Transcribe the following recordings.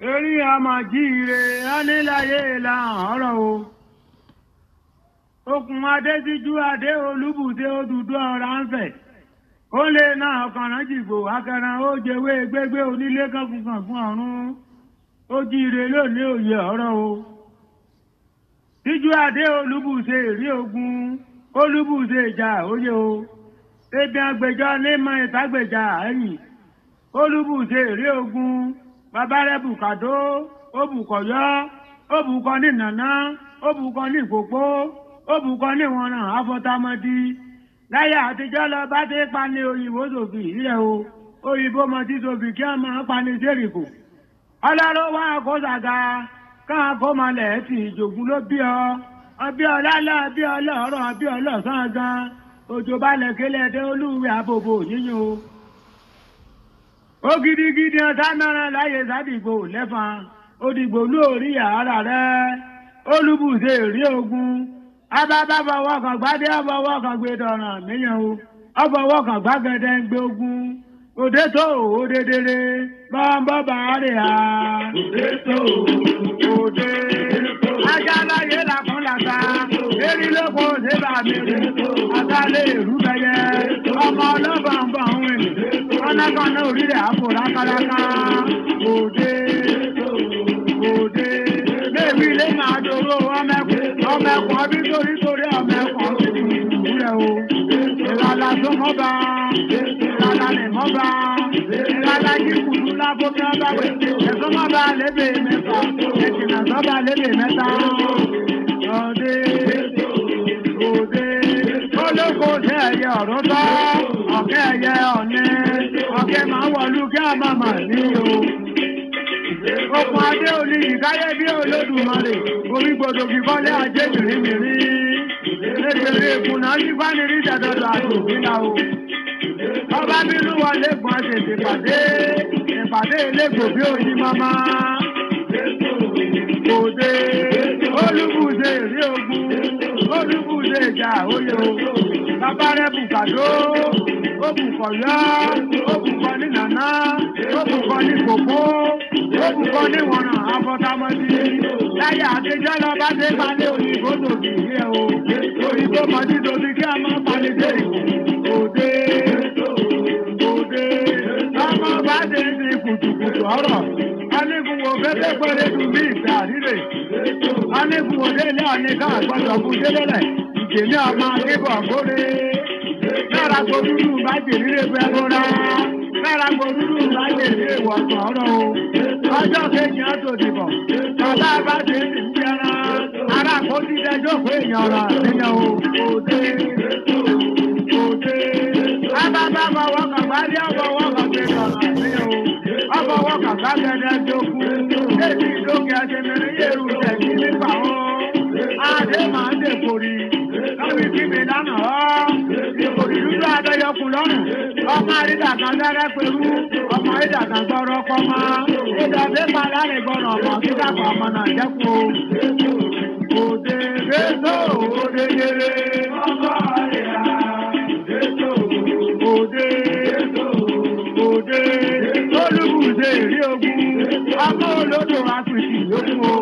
eré amọ̀jíire rániláyé là ń ọ̀rọ̀ o okùn adésíjú adé olúbùdé odùdó ọ̀rá ń fẹ̀ ó lè na ọ̀kànrán jìgbò akẹran ó jẹwé gbégbé onílé kankan fún ọ̀run ó jíire lónìí òye ọ̀rọ̀ o adé olúbùdé ogun olúbùdé ìjà òye o ebi agbèjọ ní ìtagbèjà ẹ̀yìn olúbùdé bàbá rẹ̀ bùkàdó ó bùkọ̀yọ́ ó bùkọ ní nàná ó bùkọ ní ìkókó ó bùkọ ní ìwọ̀nà àfọ̀tàmọ́dì láyé àtijọ́ lọ bá ti pani òyìnbó sòfì ilẹ̀ o òyìnbó mọ ti sòfì kí wọ́n máa pani sẹ́rìkò ọlọ́run wá kó sàgà káà kó malẹ̀ tì ìjògùn ló bí ọ ọbí ọlọ́lọ́ ọbí ọlọ́ọ̀rọ̀ ọbí ọlọ́sàn gan òjò balẹ̀ kélé ẹdẹ olúwe àbòbò yíyan o ó gidigidi sánára láyé sádìgbò lẹ́fọn òdìgbò lórí àárà rẹ olùbùsè rí ogun abábábọwọ́ kan gbádé ọbọwọ́ kan gbé dọ̀ràn níyàn o ọbọwọ́ kan gbàgẹ́dẹ́ gbé ogun òde tó òwò dédéré bọ́ńbọ́ bàárè ha òde tó òde ajá láyé làkún làkà erí lóko òde bàmí àtàlẹ́ ìrú bẹ́yẹ ọmọ ọlọ́bàǹbà ń wẹ̀ kánákáná orí rẹ̀ àpò rákáráká òde òde. Bébí ilé máa dòró ọmẹkùn ọmẹkùn ọbí torí torí ọmẹkùn ọ̀sùn rẹ̀ o. Ìlànà tó mọ́ bá ìlànà lè mọ́ bá ìlànà kíkùdù lábómi ọba wẹ̀. Ẹ̀sọ́ mọ́ bá lébè mẹ́fà, ẹ̀jìnà sọ́ bá lébè mẹ́ta. máa wọ̀lú kí a máa mà ní o. Okun adé òní ìkáyé bí olódùmarè, omi gbọdọ̀ kí bọ́lé ajé mìrìmìrì. Ètèrè ìkùnà ní fánirì dàdọ̀dọ̀ àtò nílà o. Ọba bínú wọlé gbọ́n tètè pàdé, ìpàdé ilégbò bí òní mọ́mọ́. Òde olúbùdé rí ogun, olúbùdé ìjà òye ogun. Bàbárẹ́ Bùkàdó, ó bùkọ̀ yá, ó bùkọ̀ ní nàná, ó bùkọ̀ ní kòkó, ó bùkọ̀ àtijọ́ lọ bá dé balẹ̀ òyìnbó tòbí yẹ o. Òyìnbó mọ̀tí tóbi kí a máa balẹ̀ dé òde. Òde. Bámọ́ bá dé ní kùtùkùtù ọ̀rọ̀. Alẹ́kùn wo fẹ́fẹ́ pẹ́rẹ́ dùn bí ìgbà rírè. Alẹ́kùn wo délé àníkà àgbọ̀dọ̀ fún délé rẹ̀ ìjèlé ọmọ níbọ̀ gbóre lára kò dúdú bá jèrè lè fẹ́ lóra lára kò dúdú bá jèrè wọ̀ sọ̀rọ̀ o ọjọ́ kejì ọ̀tọ̀ dìbò ọ̀la bá ti ń jẹra ara kò dídẹ jókòó èèyàn rà nínú o òde òde abábá bọ̀ wọ́kọ̀ bá dé ọ̀bọ̀ wọ́kọ̀ gbé sọ̀rọ̀ nínú o ọ̀bọ̀ wọ́kọ̀ bá gẹ́gẹ́ jókòó débi lókè ẹsẹ̀ mẹ́rin yẹ́rù tẹ̀sí nípa kí mi lánàá ọ́ ìlú adọ́yọkùn lọ́rùn ọmọ àrídà kan sẹ́rẹ́ pẹ̀lú ọmọ àrídà kan gbọ́rọ́ kọ́ mọ́ ìdá pépà láàrin gbọ́nà ọmọ kíkà kan ọmọ náà jẹ́kù òde rédò òde yẹlẹ ọmọ àrídà rédò òde òde olùbùdé ìrí ogun ọmọ olódò àpèsè lókun o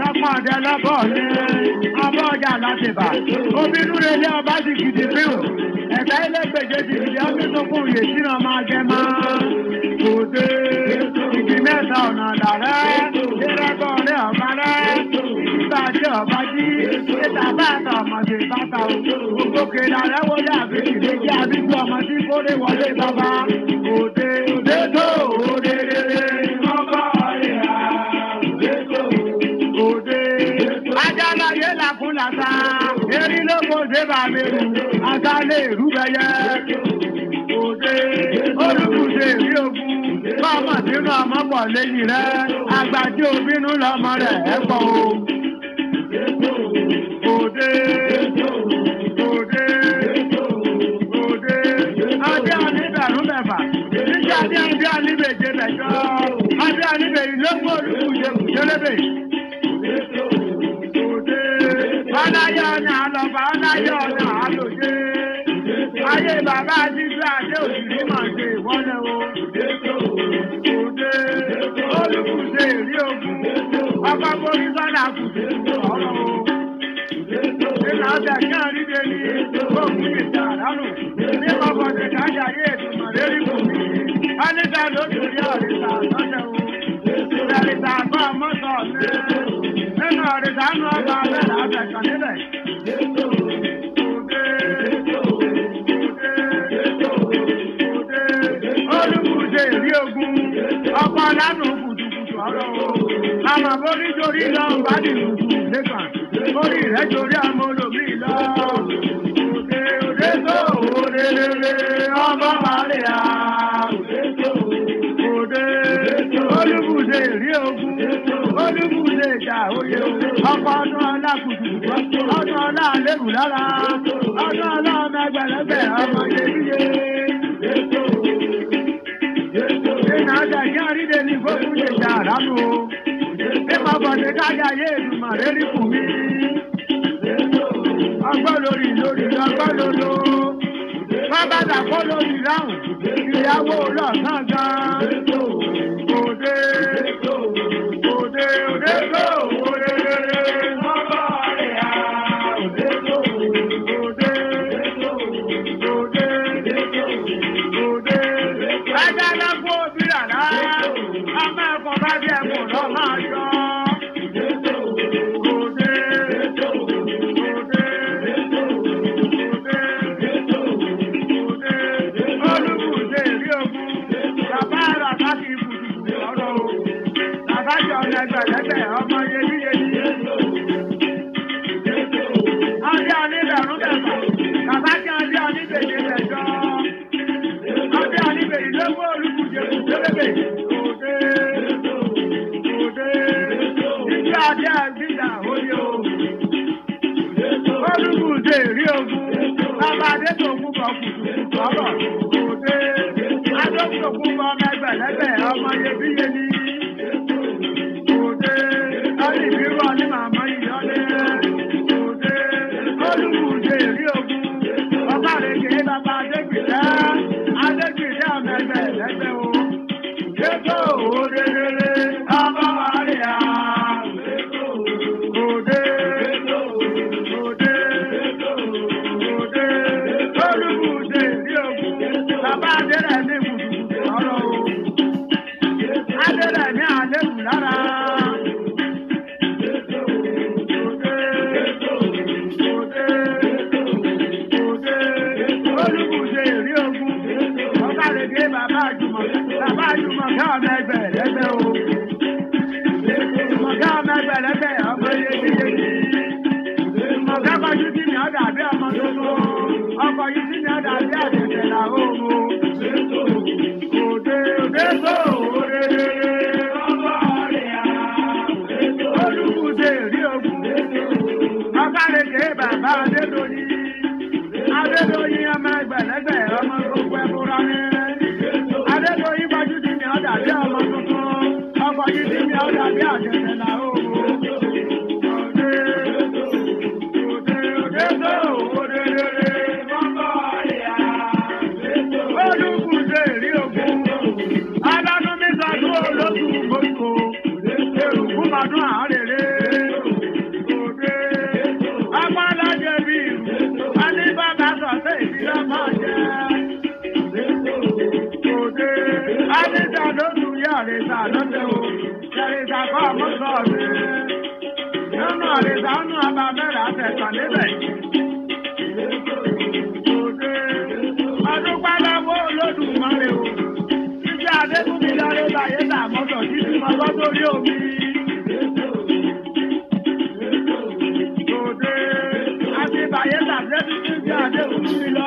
lọ́pọ̀ àdé lọ́bọ̀ obìnrin rẹ̀ ní ọba ti gidi fíhùn ẹ̀ka ẹlẹ́gbẹ̀jẹ̀ ti fi ọ́fíìsọ́kùn yè sínú ọmọ agẹ́ máa òde ìdí mẹ́ta ọ̀nà àdàrẹ́ ìrẹ́gbẹ́ ọ̀rẹ́ ọ̀bá rẹ́ ìgbà tí ọ̀bá jí ìta bá ta ọmọ sí bàtà òkè ìdàrẹ́ wọlé àbí ìdíjí àbí ju ọmọ sí kórè wọlé bàbá òde òde tó òde rere. erí ló kò ṣe bàmí rù àtàlẹ́ ìrúbẹ̀yẹ òde olùkùṣe ìrí ogun bàmà sínú àmọ́pọ̀ lẹ́yìn rẹ àgbàdo obìnrin lọ́mọ rẹ̀ ẹ̀pọ̀ o. láàbẹ̀ kí àríde ni gbogbo mi dàránù ní bàbá mi káyà yé ètùmọ̀ lérí kù mí. wọ́n ní ká ló torí àrísà lọ́sẹ̀ o. lánàá kùtùkùtù ọ̀rọ̀ o. àmọ̀ nítorí lọ́ọ́ bá dìrò lẹ́kàn orí rẹ̀ torí àmọ́lò mi lọ. Òde òde tó òde lele ọmọ màálè à. Òde olúbùdé rí ogun olúbùdé ìjà òye ọkọ̀ ọdún ọlá kùtù ọdún ọlá lẹ́rù lára ọdún ọlá mẹgbẹ̀lẹ́gbẹ̀ ọmọ yẹbíye. Ìnà àjàjì àrídé ni gbógun lè jà ránú o. Bí màá bọ̀ ní kájà yé ìdùnmọ̀ rẹ́rí lórí lórí ọgbọ́n lòlò wọ́n bá dàpọ̀ lórí láwùn ìyàwó lọ́sàn-án gan-an. That's okay. Èmi lọ́rẹ́ báyé bá mọ́tò títí mo bọ́ sórí omi. Òde àti báyé tàbí ẹbí tí ti àdé fún mi lọ.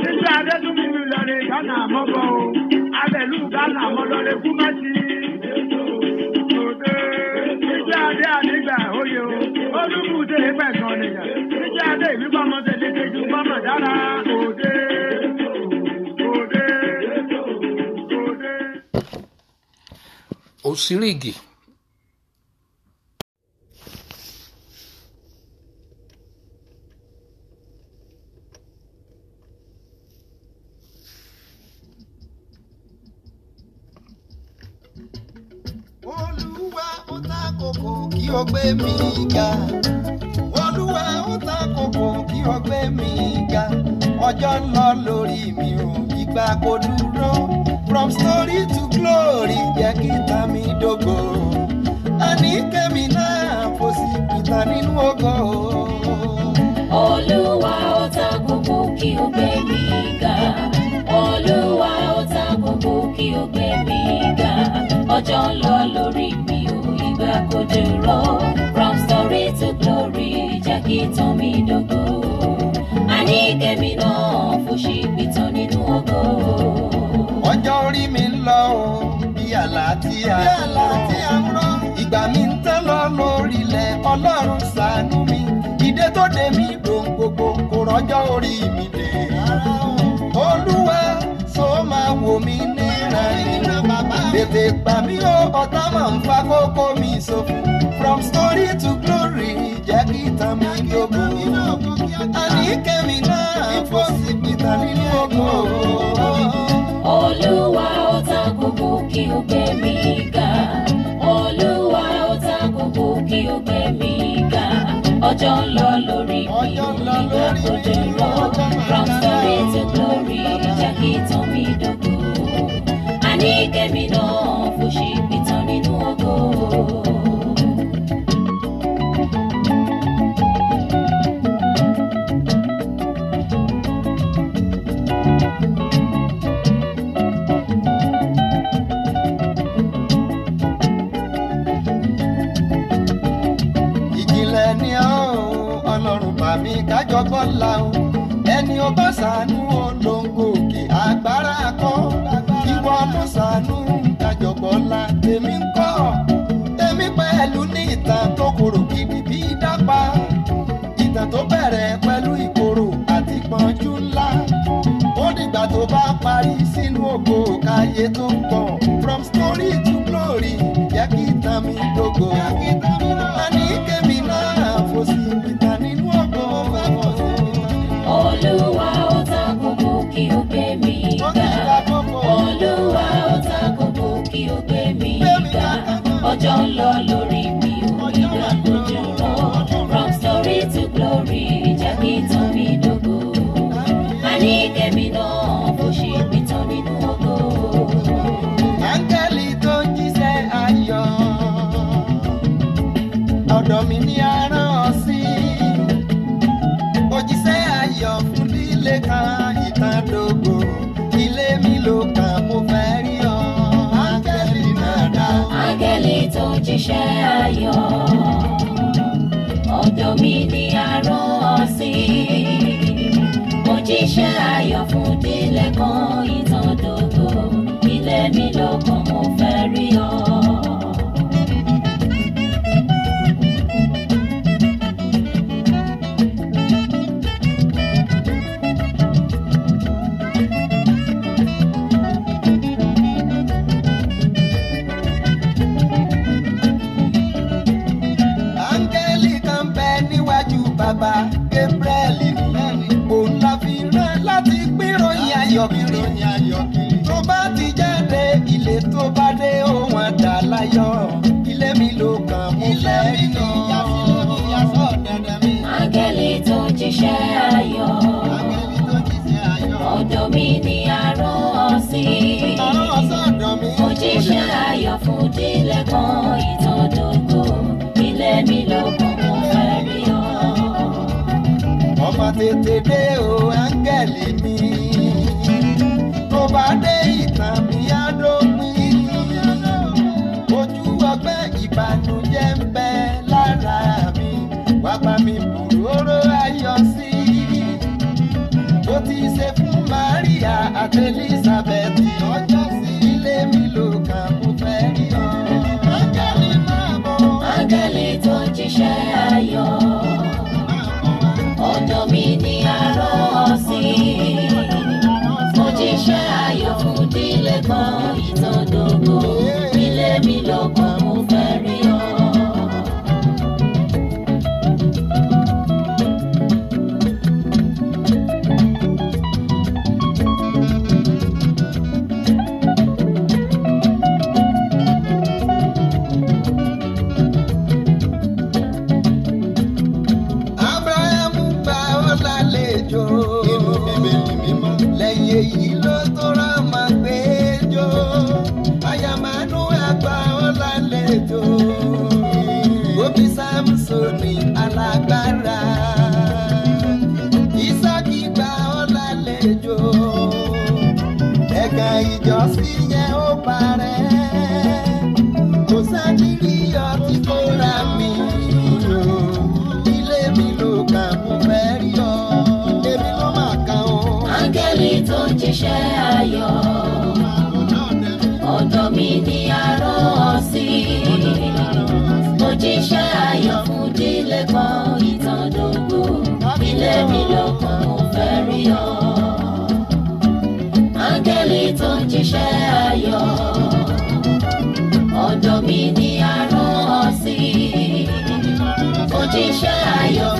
Títí àdé tún mi lọ ní Ghana mọ́bọ̀ o. Abẹ̀lú Ghana mọ́ lọ lè kú má sí. Òde títí àdé àdégbà òye o. Olúkúté pẹ̀sán nìyẹn. Títí àdé ìlú pamọ́tẹ́. ou se ligue. Olúwa kí o gbé mi ga. Ọjọ́ ń lọ lórí mi ò ìgbà kò dúró from story to glory jẹ́ kí ta mi dógò. àní kẹ́mi náà kò sí pìtà nínú ògo. olúwa ó ta kókó kí o gbé mi ga. olúwa ó ta kókó kí o gbé mi ga. ọjọ́ ń lọ lórí mi ò ìgbà kò dúró. from story to glory jẹ́ kí tán mi dógò. àní kẹ́mi náà fò sí pìtà nínú ògo àlàáfíà ń rọ ìgbà mi ń tán lọ lórílẹ̀ ọlọ́run ṣàánú mi ìdè tó dé mi dòun gbogbo kò rọ́jọ́ orí mi dé olúwa tó máa wò mí níran tètè gbà mí o ọ̀tá máa ń fa kókó mi sófin from story to glory jẹ́ kí ìtàn mi lógún àní kẹ́mi náà fò sí pìtà nínú ogun. olúwa kúkú kí o gbé mi ga olúwa ó ta kúkú kí o gbé mi ga ọjọ́ ń lọ lórí mi ìgbàgbọ́dọ̀ rọ from story to glory jẹ́ kí tán mi dógò àní kẹ́mi náà. tó bẹ̀rẹ̀ pẹ̀lú ìkorò àti ìpọ́njú ńlá ó dìgbà tó bá parí sínú ògo káyé tó ń pọ̀ from story to glory yẹ kí tán mi dógò. àní kẹ́mi náà fò sí ìta nínú ògo. olúwa ó ta kókó kí o gbé mi ga olúwa ó ta kókó kí o gbé mi ga ọjọ́ ń lọ lórí. òjíṣẹ́ ayọ̀ ọ̀dọ̀ mi ni a rán ọ sí òjíṣẹ́ ayọ̀ fún délé kan ìtàn dòdò ilé mi lọ́kàn mo fẹ́ rí. àfòjílẹ̀ kan ìtòdógò ilé mi ló kún mo fẹ́ rí ọ. ọba tètè dé o áńgẹ́lì mi tó bá dé ìtàn mi á dópin ojú ọgbẹ́ ìbànújẹ́ ń bẹ lára mi wàá bá mi bùrọ̀rọ̀ ayọ̀ sí i ó ti ṣe fún Maria àti Elizabeth. iṣẹ́ ayọ̀ ọ̀dọ̀ ni a rán ọ sí mo jíṣẹ́ ayọ̀ fún jíṣẹ́ ayọ̀ fún dílé kan ìtàn dògbò ilé mi lọ́kàn mo fẹ́ rí ọ. áńgẹ́lì tó ń jíṣẹ́ ayọ̀ ọ̀dọ̀ mi ni a rán ọ sí. ó jíṣẹ́ ayọ̀